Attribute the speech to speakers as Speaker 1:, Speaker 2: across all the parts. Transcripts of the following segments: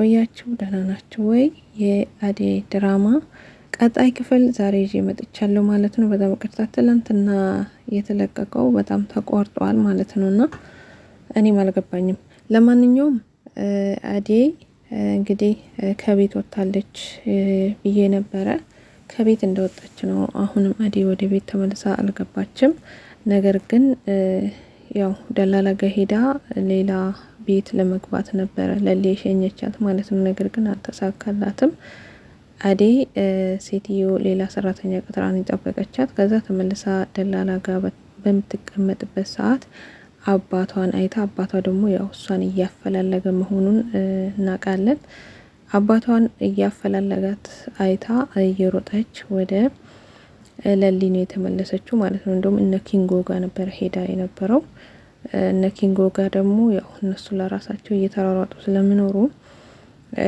Speaker 1: ቆያችሁ? ደህና ናችሁ ወይ? የአዴ ድራማ ቀጣይ ክፍል ዛሬ ይዤ መጥቻለሁ ማለት ነው። በጣም ይቅርታ ትላንትና የተለቀቀው በጣም ተቆርጧል ማለት ነው እና እኔም አልገባኝም። ለማንኛውም አዴ እንግዲህ ከቤት ወጥታለች ብዬ ነበረ። ከቤት እንደወጣች ነው። አሁንም አዴ ወደ ቤት ተመልሳ አልገባችም። ነገር ግን ያው ደላላ ጋ ሄዳ ሌላ ቤት ለመግባት ነበረ ለሊ የሸኘቻት ማለት ነው። ነገር ግን አልተሳካላትም። አዴ ሴትዮ ሌላ ሰራተኛ ቅጥራን የጠበቀቻት። ከዛ ተመልሳ ደላላ ጋር በምትቀመጥበት ሰዓት አባቷን አይታ፣ አባቷ ደግሞ ያው እሷን እያፈላለገ መሆኑን እናውቃለን። አባቷን እያፈላለጋት አይታ እየሮጠች ወደ ለሊ ነው የተመለሰችው ማለት ነው። እንደውም እነ ኪንጎ ጋር ነበረ ሄዳ የነበረው እነ ኪንጎ ጋር ደግሞ ያው እነሱ ለራሳቸው እየተሯሯጡ ስለሚኖሩ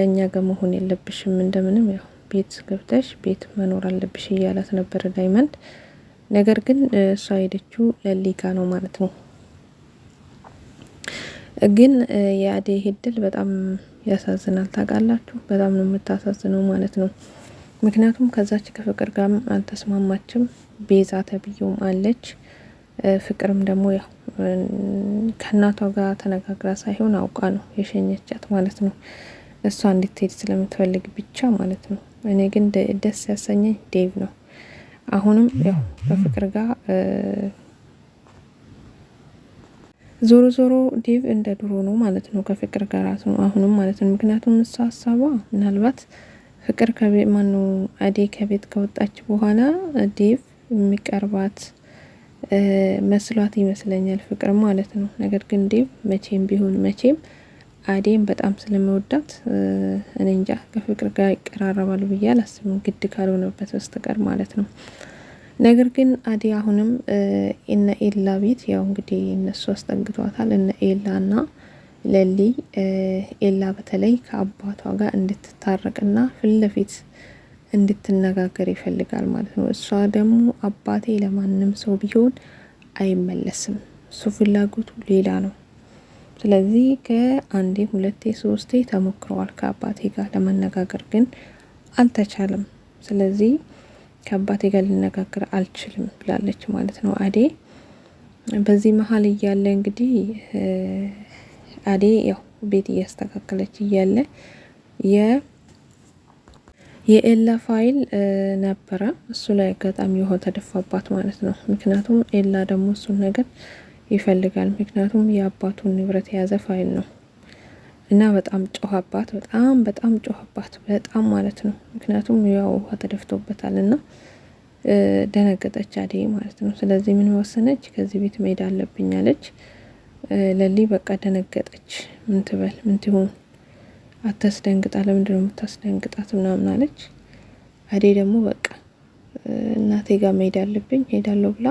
Speaker 1: እኛ ጋር መሆን የለብሽም እንደምንም ያው ቤት ገብተሽ ቤት መኖር አለብሽ እያላት ነበረ ዳይመንድ። ነገር ግን እሷ ሄደችው ለሊጋ ነው ማለት ነው። ግን የአዴ ሄድል በጣም ያሳዝናል። ታውቃላችሁ፣ በጣም ነው የምታሳዝነው ማለት ነው። ምክንያቱም ከዛች ከፍቅር ጋር አልተስማማችም። ቤዛ ተብየውም አለች ፍቅርም ደግሞ ያው ከእናቷ ጋር ተነጋግራ ሳይሆን አውቃ ነው የሸኘቻት ማለት ነው። እሷ እንድትሄድ ስለምትፈልግ ብቻ ማለት ነው። እኔ ግን ደስ ያሰኘኝ ዴቭ ነው። አሁንም ያው በፍቅር ጋር ዞሮ ዞሮ ዴቭ እንደ ድሮ ነው ማለት ነው። ከፍቅር ጋር ራሱ አሁንም ማለት ነው። ምክንያቱም እሷ ሀሳቧ ምናልባት ፍቅር ከቤት ማነው አዴ ከቤት ከወጣች በኋላ ዴቭ የሚቀርባት መስሏት ይመስለኛል ፍቅር ማለት ነው። ነገር ግን ዴቭ መቼም ቢሆን መቼም አዴም በጣም ስለመወዳት እኔ እንጃ ከፍቅር ጋር ይቀራረባሉ ብዬ አላስብም፣ ግድ ካልሆነበት በስተቀር ማለት ነው። ነገር ግን አዴ አሁንም እነ ኤላ ቤት ያው እንግዲህ እነሱ አስጠግቷታል። እነ ኤላ ና ለሊ ኤላ በተለይ ከአባቷ ጋር እንድትታረቅና ፊት ለፊት እንድትነጋገር ይፈልጋል ማለት ነው። እሷ ደግሞ አባቴ ለማንም ሰው ቢሆን አይመለስም፣ እሱ ፍላጎቱ ሌላ ነው። ስለዚህ ከአንዴ ሁለቴ ሶስቴ ተሞክረዋል ከአባቴ ጋር ለመነጋገር ግን አልተቻለም። ስለዚህ ከአባቴ ጋር ልነጋገር አልችልም ብላለች ማለት ነው አዴ። በዚህ መሀል እያለ እንግዲህ አዴ ያው ቤት እያስተካከለች እያለ የኤላ ፋይል ነበረ እሱ ላይ አጋጣሚ ውሃ ተደፋባት ማለት ነው። ምክንያቱም ኤላ ደግሞ እሱን ነገር ይፈልጋል። ምክንያቱም የአባቱን ንብረት የያዘ ፋይል ነው እና በጣም ጮኸባት፣ በጣም በጣም ጮኸባት፣ በጣም ማለት ነው። ምክንያቱም ያው ውሃ ተደፍቶበታል እና ደነገጠች አደይ ማለት ነው። ስለዚህ ምን ወሰነች? ከዚህ ቤት መሄድ አለብኝ አለች። ለሊ በቃ ደነገጠች። ምን ትበል ምን ትሆን አታስደንግጣ፣ ለምንድ ነው የምታስደንግጣት? ምናምን አለች። አዴ ደግሞ በቃ እናቴ ጋር መሄድ አለብኝ ሄዳለሁ ብላ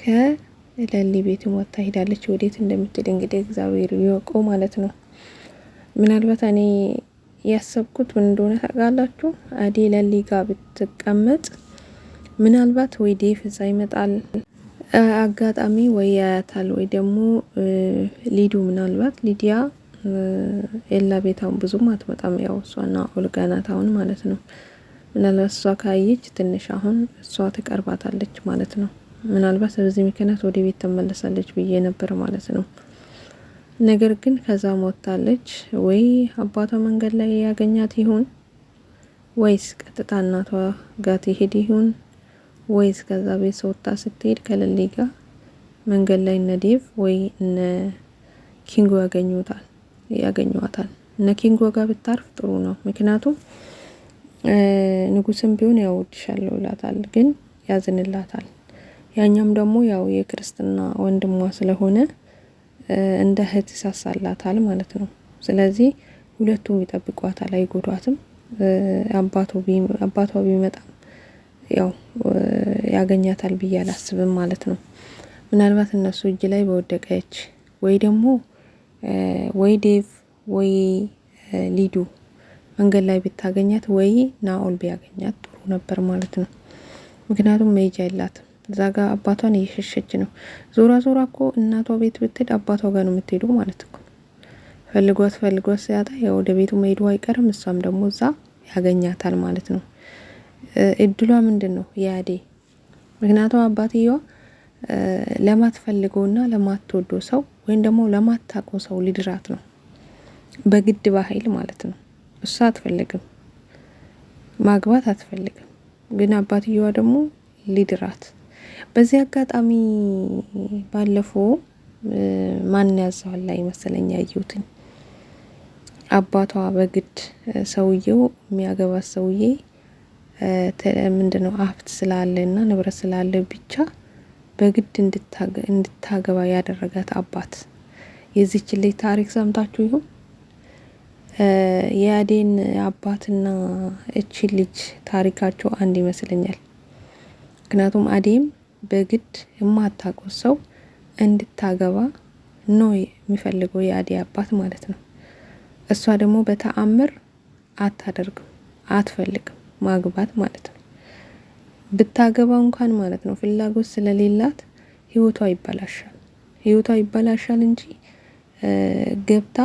Speaker 1: ከለሊ ቤትም ወጥታ ሄዳለች። ወዴት እንደምትሄድ እንግዲህ እግዚአብሔር ይወቀው ማለት ነው። ምናልባት እኔ ያሰብኩት ምን እንደሆነ ታውቃላችሁ? አዴ ለሊ ጋር ብትቀመጥ ምናልባት ወይ ዴፍ እዛ ይመጣል አጋጣሚ ወይ ያያታል፣ ወይ ደግሞ ሊዱ ምናልባት ሊዲያ ኤላ ቤታውን ብዙም አትመጣም። ያው እሷና ኦልጋ ናት አሁን ማለት ነው። ምናልባት እሷ ካየች ትንሽ አሁን እሷ ትቀርባታለች ማለት ነው። ምናልባት በዚህ ምክንያት ወደ ቤት ትመለሳለች ብዬ ነበር ማለት ነው። ነገር ግን ከዛ ሞታለች ወይ አባቷ መንገድ ላይ ያገኛት ይሁን ወይስ ቀጥታ እናቷ ጋር ትሄድ ይሁን ወይስ ከዛ ቤት ሰውታ ስትሄድ ከሌሊ ጋር መንገድ ላይ እነ ዴቭ ወይ እነ ኪንጎ ያገኙታል። ያገኘዋታል። እነ ኪንጎ ጋር ብታርፍ ጥሩ ነው። ምክንያቱም ንጉስም ቢሆን ያው እወድሻለሁ ይላታል፣ ግን ያዝንላታል። ያኛም ደግሞ ያው የክርስትና ወንድሟ ስለሆነ እንደ እህት ይሳሳላታል ማለት ነው። ስለዚህ ሁለቱም ይጠብቋታል፣ አይጎዷትም። አባቷ ቢመጣም ያው ያገኛታል ብዬ አላስብም ማለት ነው። ምናልባት እነሱ እጅ ላይ በወደቀች ወይ ደግሞ ወይ ዴቭ ወይ ሊዱ መንገድ ላይ ብታገኛት ወይ ናኦል ቢያገኛት ጥሩ ነበር ማለት ነው። ምክንያቱም መሄጃ የላትም እዛ ጋ አባቷን እየሸሸች ነው። ዞራ ዞራ እኮ እናቷ ቤት ብትሄድ አባቷ ጋር ነው የምትሄዱ ማለት እኮ ፈልጓት ፈልጓት ሲያጣ ያው ወደ ቤቱ መሄዱ አይቀርም። እሷም ደግሞ እዛ ያገኛታል ማለት ነው። እድሏ ምንድን ነው ያዴ ምክንያቱም አባትየዋ ለማትፈልገውና ለማትወዶ ሰው ወይም ደግሞ ለማታውቀው ሰው ሊድራት ነው። በግድ በኃይል ማለት ነው። እሷ አትፈልግም፣ ማግባት አትፈልግም። ግን አባትየዋ ደግሞ ሊድራት። በዚህ አጋጣሚ ባለፈው ማን ያዘዋል ላይ መሰለኝ ያየሁትኝ አባቷ በግድ ሰውየው የሚያገባት ሰውዬ ምንድነው ሀብት ስላለና ንብረት ስላለ ብቻ በግድ እንድታገባ ያደረጋት አባት የዚች ልጅ ታሪክ ሰምታችሁ ይሁን? የአዴን አባትና እቺ ልጅ ታሪካቸው አንድ ይመስለኛል። ምክንያቱም አዴም በግድ የማታውቀው ሰው እንድታገባ ነው የሚፈልገው የአዴ አባት ማለት ነው። እሷ ደግሞ በተአምር አታደርግም፣ አትፈልግም ማግባት ማለት ነው። ብታገባ እንኳን ማለት ነው ፍላጎት ስለሌላት ህይወቷ ይበላሻል። ህይወቷ ይበላሻል እንጂ ገብታ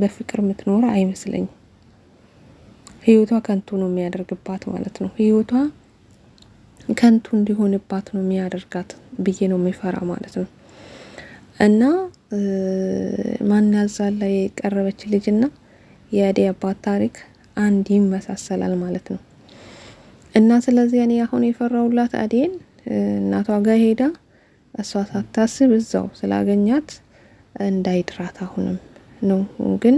Speaker 1: በፍቅር የምትኖር አይመስለኝም። ህይወቷ ከንቱ ነው የሚያደርግባት ማለት ነው። ህይወቷ ከንቱ እንዲሆንባት ነው የሚያደርጋት ብዬ ነው የሚፈራ ማለት ነው። እና ማን ላይ የቀረበች ልጅና የአደይ አባት ታሪክ አንድ ይመሳሰላል ማለት ነው። እና ስለዚህ እኔ አሁን የፈራውላት አዴን እናቷ ጋር ሄዳ እሷ ሳታስብ እዛው ስላገኛት እንዳይድራት አሁንም ነው። ግን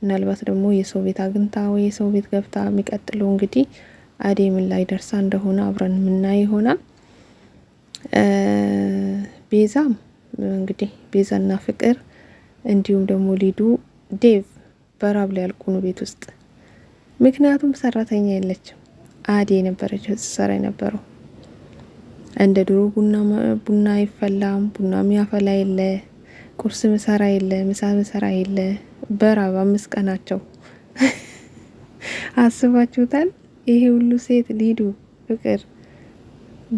Speaker 1: ምናልባት ደግሞ የሰው ቤት አግኝታ ወይ የሰው ቤት ገብታ የሚቀጥለው እንግዲህ አዴ ምን ላይ ደርሳ እንደሆነ አብረን የምናይ ይሆናል። ቤዛም እንግዲህ ቤዛና ፍቅር እንዲሁም ደግሞ ሊዱ ዴቭ በራብ ላይ ያልቁኑ ቤት ውስጥ ምክንያቱም ሰራተኛ የለችም። አዴ የነበረች ስትሰራ የነበረው። እንደ ድሮ ቡና አይፈላም። ቡና የሚያፈላ የለ፣ ቁርስ ምሰራ የለ፣ ምሳ ምሰራ የለ። በራብ አምስት ቀናቸው አስባችሁታል? ይሄ ሁሉ ሴት ሊዱ ፍቅር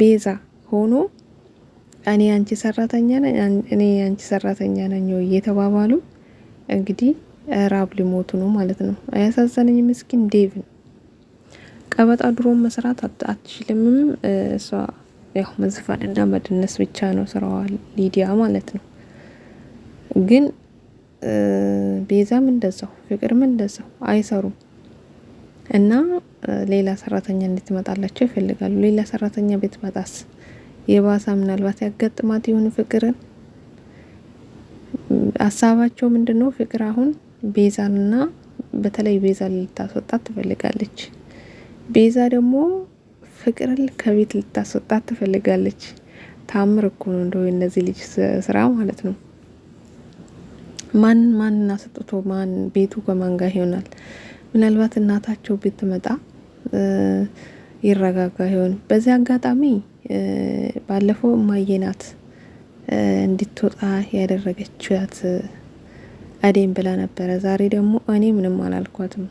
Speaker 1: ቤዛ ሆኖ እኔ አንቺ ሰራተኛ ነኝ፣ እኔ አንቺ ሰራተኛ ነኝ እየተባባሉ እንግዲህ ራብ ሊሞቱ ነው ማለት ነው። አያሳዘነኝ ምስኪን ዴቭን ቀበጣ ድሮም መስራት አትችልምም። እሷ ያው መዝፈን እና መድነስ ብቻ ነው ስራዋ ሊዲያ ማለት ነው። ግን ቤዛም እንደዛው ፍቅርም እንደዛው አይሰሩም እና ሌላ ሰራተኛ እንድትመጣላቸው ይፈልጋሉ። ሌላ ሰራተኛ ቤት መጣስ የባሳ ምናልባት ያጋጥማት ይሁን ፍቅርን። ሀሳባቸው ምንድን ነው? ፍቅር አሁን ቤዛንና በተለይ ቤዛን ልታስወጣት ትፈልጋለች። ቤዛ ደግሞ ፍቅርን ከቤት ልታስወጣት ትፈልጋለች። ታምር እኮ ነው እንደው የነዚህ ልጅ ስራ ማለት ነው። ማን ማን አስጥቶ ማን ቤቱ ከማን ጋር ይሆናል? ምናልባት እናታቸው ቤት ትመጣ ይረጋጋ ይሆን? በዚህ አጋጣሚ ባለፈው እማየናት እንድትወጣ ያደረገችያት አዴን ብላ ነበረ። ዛሬ ደግሞ እኔ ምንም አላልኳትም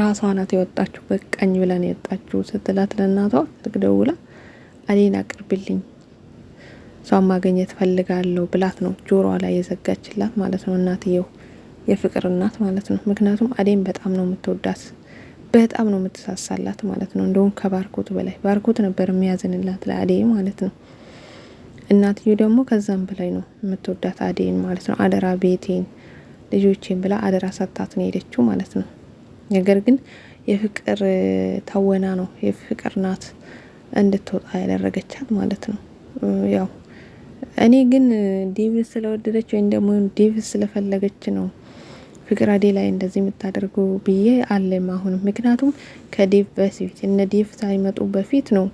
Speaker 1: ራሷ ናት የወጣችሁ በቀኝ ብለን የወጣችሁ ስትላት ለእናቷ ትደውላ አሌን አቅርብልኝ እሷን ማገኘት ፈልጋለሁ ብላት ነው ጆሮዋ ላይ የዘጋችላት ማለት ነው። እናትየው የፍቅር እናት ማለት ነው። ምክንያቱም አዴን በጣም ነው የምትወዳት፣ በጣም ነው የምትሳሳላት ማለት ነው። እንደውም ከባርኮት በላይ ባርኮት ነበር የሚያዝንላት ለአዴ ማለት ነው። እናትዮ ደግሞ ከዛም በላይ ነው የምትወዳት አዴን ማለት ነው። አደራ ቤቴን ልጆቼን ብላ አደራ ሰጥታት ነው ማለት ነው። ነገር ግን የፍቅር ታወና ነው የፍቅር ናት እንድትወጣ ያደረገቻት ማለት ነው። ያው እኔ ግን ዴቪድ ስለወደደች ወይም ደግሞ ዴቪድ ስለፈለገች ነው ፍቅር አዴ ላይ እንደዚህ የምታደርጉ ብዬ አለም አሁንም። ምክንያቱም ከዴቭ በፊት እነ ዴቭ ሳይመጡ በፊት ነው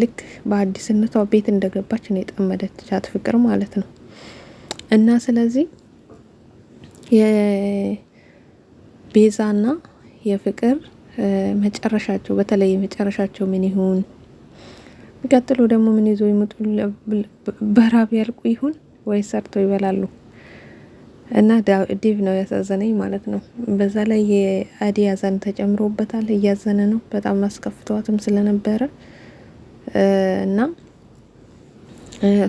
Speaker 1: ልክ በአዲስነቷ ቤት እንደገባች ነው የጠመደቻት ፍቅር ማለት ነው እና ስለዚህ ቤዛና የፍቅር መጨረሻቸው በተለይ መጨረሻቸው ምን ይሁን? ቀጥሎ ደግሞ ምን ይዞ ይመጡ? በራብ ያልቁ ይሁን ወይ ሰርቶ ይበላሉ? እና ዴቭ ነው ያሳዘነኝ ማለት ነው። በዛ ላይ የአዲ ያዘን ተጨምሮበታል። እያዘነ ነው በጣም አስከፍተዋትም ስለነበረ እና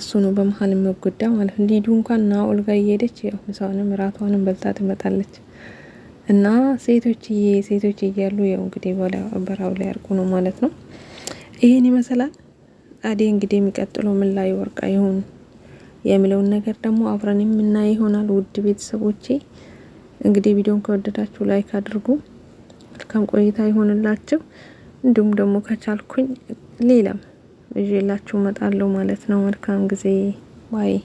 Speaker 1: እሱ ነው በመሀል የምጎዳ ማለት ነው። ሊዱ እንኳን ና ኦልጋ እየሄደች ያው ምሳውንም ራቷንም በልታ ትመጣለች። እና ሴቶችዬ ሴቶች እያሉ ያው እንግዲህ በራው ላይ አርጉ ነው ማለት ነው። ይሄን ይመስላል አዴ እንግዲህ የሚቀጥለው ምን ላይ ወርቃ ይሁን የሚለውን ነገር ደግሞ አብረን የምናይ ይሆናል። ውድ ቤተሰቦቼ እንግዲህ ቪዲዮን ከወደዳችሁ ላይክ አድርጉ። መልካም ቆይታ ይሆንላችሁ። እንዲሁም ደግሞ ከቻልኩኝ ሌላም እዤላችሁ መጣለው ማለት ነው። መልካም ጊዜ ባይ